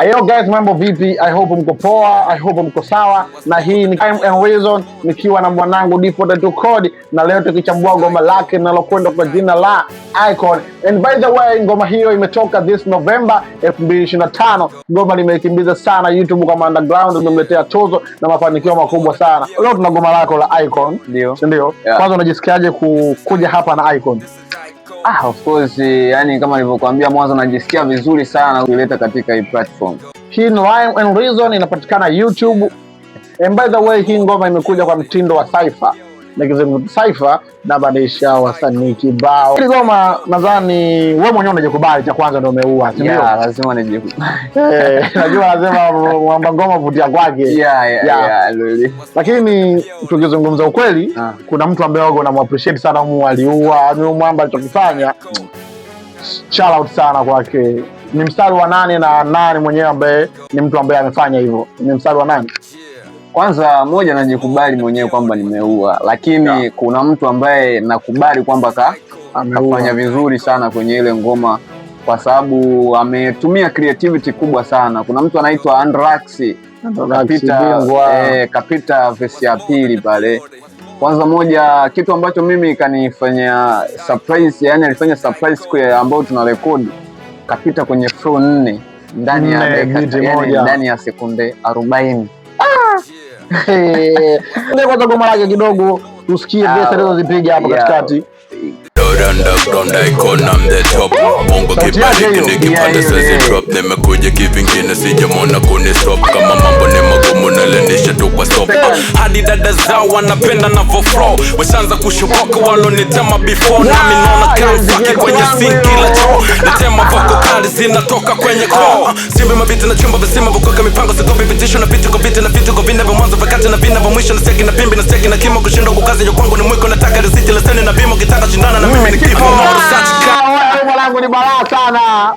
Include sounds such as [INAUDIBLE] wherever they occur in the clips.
Ayo guys, mambo vipi? I hope mko poa, I hope mko sawa, na hii ni Time and Reason nikiwa na mwanangu Dipo Tattoo Code, na leo tukichambua ngoma lake linalokwenda kwa jina la Icon. And by the way, ngoma hiyo imetoka this November 2025. Ngoma limeikimbiza sana YouTube kama underground, imemletea tozo na mafanikio makubwa sana. Leo tuna ngoma lako la Icon, ndio, Ndio. Yeah. Kwanza unajisikiaje kukuja hapa na Icon? Ah, of course, yani kama nilivyokuambia mwanzo, najisikia vizuri sana kuileta katika hii platform. Hii ni Rhyme and Reason inapatikana YouTube. And by the way, hii ngoma imekuja kwa mtindo wa cypher na kizungumza Cypher na banisha wasanii kibao. Hili goma nadhani wewe mwenyewe unajikubali, cha kwanza ndio umeua, si ndio? Yeah, lazima nijikubali. [LAUGHS] Eh, najua lazima mwamba ngoma vutia kwake. Yeah, yeah, yeah. Yeah, lakini tukizungumza ukweli ah. kuna mtu ambaye wako na appreciate sana mu aliua, mwamba alichokifanya. Shout out sana kwake. Ni mstari wa nane na nane mwenyewe ambaye ni mtu ambaye amefanya hivyo. Ni mstari wa nane. Kwanza moja, najikubali mwenyewe kwamba nimeua, lakini yeah. kuna mtu ambaye nakubali kwamba ka kafanya vizuri sana kwenye ile ngoma kwa sababu ametumia creativity kubwa sana. Kuna mtu anaitwa Andrax kapita, eh, kapita vesi ya pili pale. Kwanza moja, kitu ambacho mimi kanifanya surprise, yani alifanya surprise kwa ambayo tuna rekodi, kapita kwenye flow nne ndani ya ndani ya sekunde arobaini. Ah! kwanza goma lake kidogo usikie besa ah, leo hapo katikati. Nimekuja kivingine sijamona kuni stop Kama mambo ni magumu tu kwa stop Hadi dada zao wanapenda na flow Weshanza kushoboka walonitama before Nami naona ah, kwenye sinki la Nitema vako kali zinatoka kwenye koo Simbi mabiti na chumba visima vukoka mipango sikopi vitisho na vitu koviti na vitu kovina vya mwanzo vakati na vina vya mwisho na seki na pimbi na seki na kimo Kushindo kukazi yo kwangu ni mwiko nataka risiti leseni na bimo kitaka shindana na mimi ni mwana, mwana, mwana, mwana, mwana,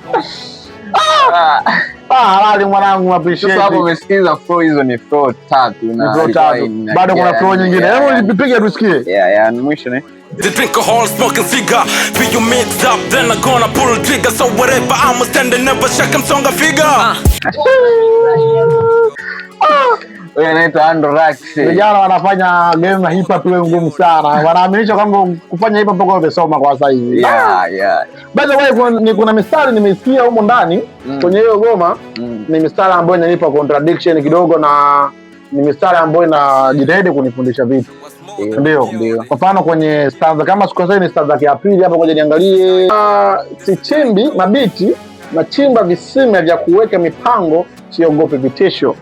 mwana, halali mwanangu, appreciate. Hapo umesikiza flow, hizo ni flow tatu na flow tatu, bado kuna flow nyingine. Hebu nipige tusikie. Yeah, yeah, mwisho They drink smoking Be you mixed up, then I gonna pull trigger So whatever, I'm a never shake figure ah. [LAUGHS] Ah. Wewe anaitwa Androrax. Vijana wanafanya game na hip hop iwe ngumu sana. Wanaaminisha kwamba kufanya hip hop kwa umesoma kwa sasa hivi. Yeah, ah! yeah. By the way, ni kuna mistari nimesikia huko ndani mm. kwenye hiyo goma mm. ni mistari ambayo inanipa contradiction kidogo na ni mistari ambayo inajitahidi kunifundisha vitu. Ndio, ndio. Kwa mfano kwenye stanza kama sikosei ni stanza ya pili hapo, ngoja niangalie. Ah, Sichimbi mabiti, nachimba visima vya kuweka mipango, siogope vitisho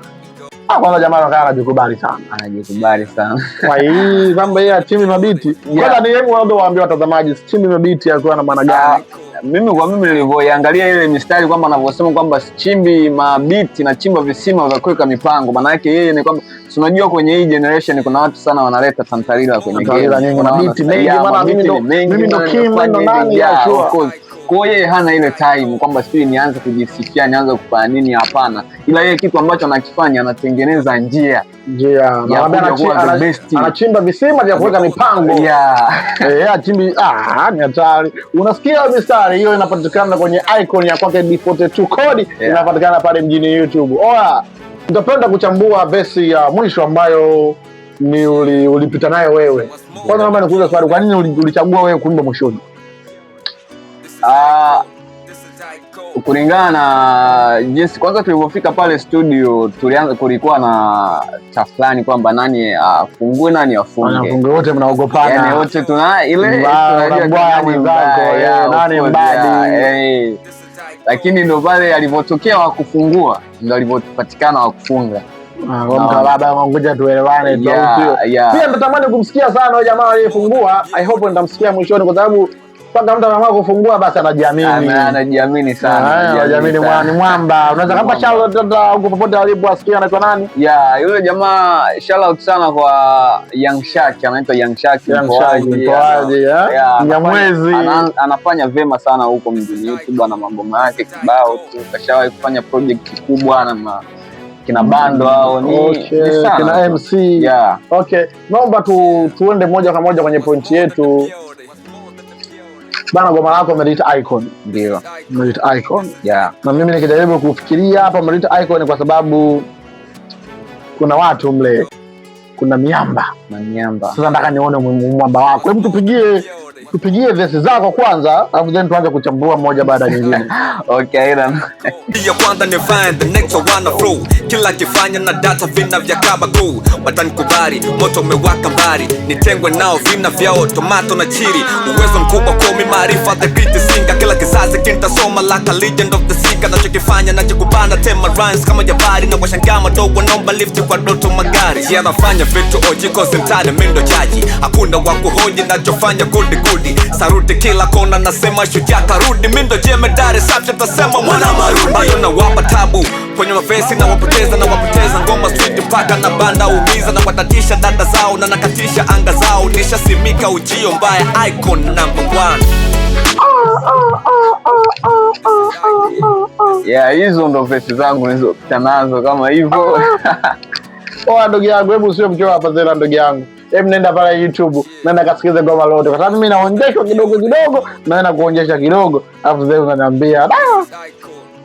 Ah, kwanza jamaa anakaa anajikubali sana, anajikubali sana kwa hii zamba ya timu mabiti. Kwanza ni hebu ndo waambie watazamaji Chimi mabiti akiwa na maana gani? Ah, mimi kwa mimi nilivyoiangalia ile mistari kwamba anavyosema kwamba sichimbi mabiti na chimba visima vya kuweka mipango, maana yake yeye ni kwamba tunajua kwenye hii generation kuna watu sana wanaleta tantarila kwenye game, kuna mabiti mengi, maana mimi ndo mimi ndo kimwe ndo nani ya sure kwa hiyo yeye hana ile time kwamba sijui nianze kujisikia nianze kufanya nini, hapana. Ila yeye kitu ambacho anakifanya anatengeneza njia njia, anachimba visima vya kuweka mipango yeah. [LAUGHS] Eh, achimbi ah, ni hatari. Unasikia mistari hiyo inapatikana kwenye icon ya kwake D42 Code Inapatikana pale mjini YouTube. Oa, nitapenda kuchambua besi ya mwisho ambayo ni ulipita uli nayo wewe. Kwanza naomba nikuuliza swali, kwa nini ulichagua wewe kuimba mwishoni? Ah, kulingana na jinsi kwanza tulivyofika pale studio, tulianza kulikuwa na cha kwamba nani afungue uh, nani afunge, wote mnaogopana, yani wote tuna ile yaani nani mbadi, lakini ndo pale alivyotokea wa kufungua ndo alivyopatikana wa kufunga ah, labda tuelewane. Pia nitatamani kumsikia sana jamaa aliyefungua, I hope nitamsikia mwishoni kwa sababu mpaka mtu anaamua kufungua basi anajiamini, anajiamini sana, anajiamini mwani mwamba. Unaweza kumpa shout out huko popote alipo, asikia anaitwa nani? Yeah, yule jamaa shout out sana kwa Young Shark, anaitwa Young Shark, mpoaji Mnyamwezi, anafanya vema sana huko mjini YouTube, ana mambo yake kibao tu, kashawahi kufanya project kubwa na kina mm. bando hao ni, okay. Oh, ni kina MC yeah. Okay, naomba tu tuende moja kwa moja kwenye pointi yetu bana, boma lako umeliita icon, ndio umeliita icon yeah. Na mimi nikijaribu kufikiria hapa umeliita icon kwa sababu kuna watu mle, kuna miamba na miamba. Sasa nataka nione mwamba wako, hebu tupigie tupigie vesi zako kwanza, alafu then tuanze kuchambua moja baada ya [LAUGHS] nyingine. Okay, ya kwanza ni find the next one on flow. Kila kifanya na data vina vya kaba go. Watanikubali, moto umewaka mbali. Nitengwe nao vina vyao, tomato na chiri Uwezo mkubwa kwa mimi maarifa the greatest singer kazi kintasoma like a legend of the sea. Nachokifanya nachokubana tema rhymes kama jabari na washangaa madogo, naomba lift kwa doto magari. nafanya vitu oji cause mtaani mimi chaji jaji, hakuna wa kuhoji nachofanya kudi kudi Saruti kila kona nasema shujaa karudi, mimi ndo jemedari safi tasema mwana marudi. Bado wapa tabu kwenye mafesi na wapoteza na wapoteza ngoma sweet mpaka na banda umiza na watatisha dada zao na nakatisha anga zao, nishasimika ujio mbaya icon number one ya hizo ndo vesi zangu nilizopita nazo kama hivyo. Poa ndugu yangu, hebu sio mchoyo hapa zera, ndugu yangu. Hebu nenda pale YouTube, nenda kasikize goma lote, kwa sababu mimi naonjeshwa kidogo kidogo, naenda kuonjesha kidogo, alafu zee unaniambia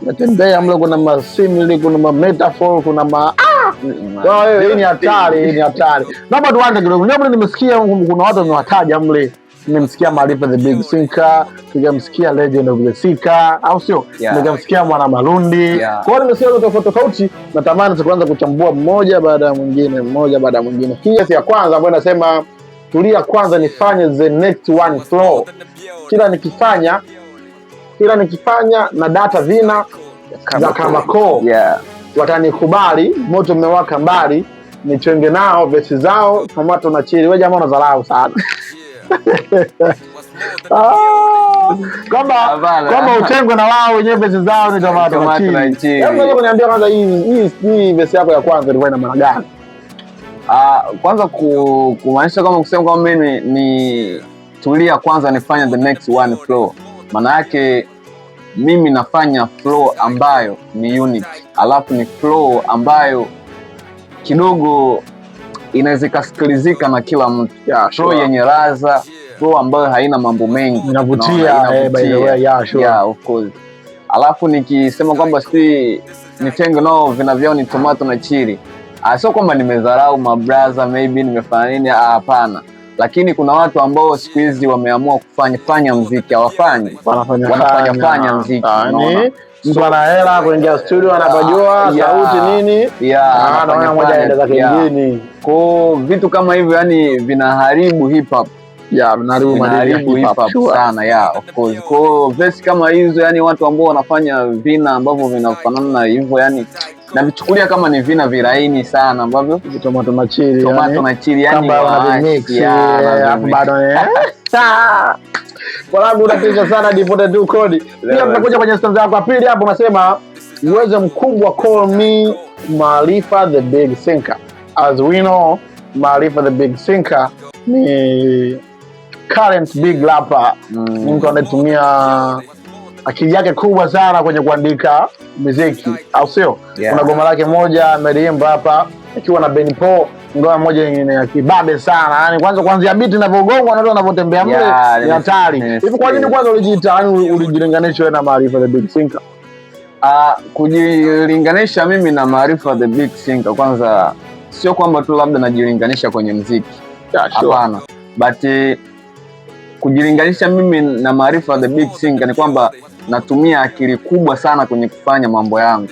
natembea mle, kuna masimili, kuna mametafor, kuna ma hii ni hatari, hii ni hatari. Naomba tuanze kidogo, nimesikia kuna watu wamewataja mle nimemsikia Malipa the Big Sinka, nikamsikia Legend of the Sika, au sio? Yeah. Nikamsikia Mwana Malundi. Yeah. Kwa hiyo nimesikia watu tofauti tofauti, natamani kuanza kuchambua mmoja baada ya mwingine, mmoja baada ya mwingine. Hii ya kwanza ambayo nasema tulia kwanza, nifanye the next one flow. Kila nikifanya kila nikifanya na data vina za Kamaco, yeah. Watanikubali, moto mmewaka mbali, nichenge nao vesi zao, na unachili. Wewe jamaa unadharau sana [LAUGHS] Ah, ah, kwamba utengwe na wao wenyewe, besi zao ni tomato na chini. Hebu kuniambia kwanza, hii hii besi yako ya kwanza ilikuwa ina maana gani? Ah, Kwanza kumaanisha kama kusema kwamba mimi ni tulia kwanza, nifanya the next one flow, maana yake mimi nafanya flow ambayo ni unique, alafu ni flow ambayo kidogo inaweza ikasikilizika na kila mtu yeah, sure. Show yenye raza show ambayo haina mambo mengi inavutia, eh, by the way, yeah, sure. Yeah, of course. Alafu nikisema kwamba si nitengo nao vina vyao ni tomato na chili, ah, sio kwamba nimedharau mabraza maybe nimefanya nini, ah, hapana lakini kuna watu ambao siku hizi wameamua kufanya fanya mziki hawafanyi wanafanya fanya mziki, ah, mtu ana hela kuingia studio anapojua sauti nini, anaona moja aende zake mjini. ko vitu kama hivyo, yani vinaharibu hip hop ya vinaharibu hip hop sana, ya of course. Kwa verse kama hizo, yani watu ambao wanafanya vina ambavyo vinafanana na hivyo, yani navichukulia kama ni vina viraini sana ambavyo tomato na chili tomato na chili eh, yani bado eh. [LAUGHS] kwalabu unatisha sana dipote tu kodi Pia mnakuja kwenye stanza yako ya pili hapo unasema uwezo mkubwa call me Maarifa the big sinker As we know, Maarifa the big sinker ni current big lapa Ni mtu anayetumia akili yake kubwa sana kwenye kuandika muziki, au sio? Kuna goma lake moja ameliimba hapa akiwa na Benny ngoma moja nyingine ya kibabe sana. yani, kwanza kuanzia beat inavyogongwa na watu wanavyotembea mbele ni hatari. Hivi kwa nini kwanza ulijiita yani ulijilinganisha wewe na Maarifa the Big Singer? Ah, kujilinganisha mimi na Maarifa the Big Singer kwanza sio kwamba tu labda najilinganisha kwenye mziki. Hapana. Sure. But kujilinganisha mimi na Maarifa the Big Singer ni kwamba natumia akili kubwa sana kwenye kufanya mambo yangu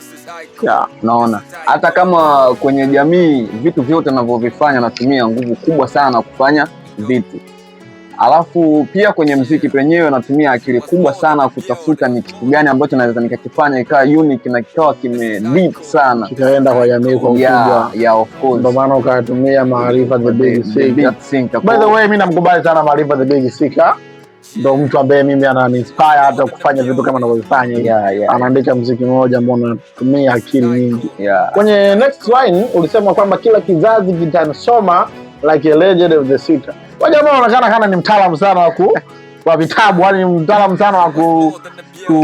yeah. Naona hata kama kwenye jamii vitu vyote navyovifanya natumia nguvu kubwa sana kufanya vitu, alafu pia kwenye mziki penyewe natumia akili kubwa sana kutafuta ni kitu gani ambacho naweza nikakifanya ikawa unique na kikawa kime deep sana kikaenda kwa jamii kwa ukubwa. Yeah, of course, ndio maana ukatumia Maarifa the Big Sicker. By the way, mimi namkubali sana Maarifa the Big Sicker ndo mtu ambaye mimi ananiinspire hata kufanya vitu kama anavyofanya yeah, yeah, anaandika mziki mmoja ambao unatumia akili nyingi. yeah. Kwenye next line ulisema kwamba kila kizazi kitanisoma like a legend of the city. Wajamaa anaonekana kana ni mtaalamu sana wa wa vitabu, yani mtaalamu sana wa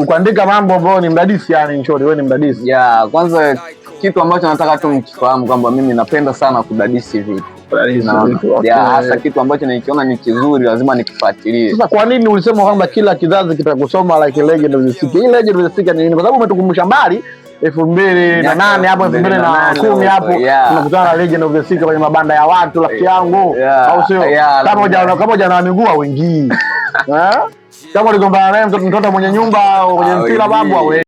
kuandika mambo ambayo ni mdadisi, yani nchori, wewe ni mdadisi. yeah, kwanza kitu ambacho nataka tu mkifahamu kwamba mimi napenda sana kudadisi vitu hasa kitu ambacho nikiona ni kizuri lazima nikifuatilie. Sasa kwa nini ulisema kwamba kila kizazi kitakusoma like legend of the city? Hii legend of the city ni nini? Kwa sababu umetukumbusha mbali elfu mbili na nane hapo elfu mbili na kumi hapo tunakutana na legend of the city kwenye mabanda ya watu, rafiki yangu, au sio? Kama ujana wa miguu hauingii, [LAUGHS] eh? kama uligombana naye mtoto mwenye nyumba kwenye mpira babu awe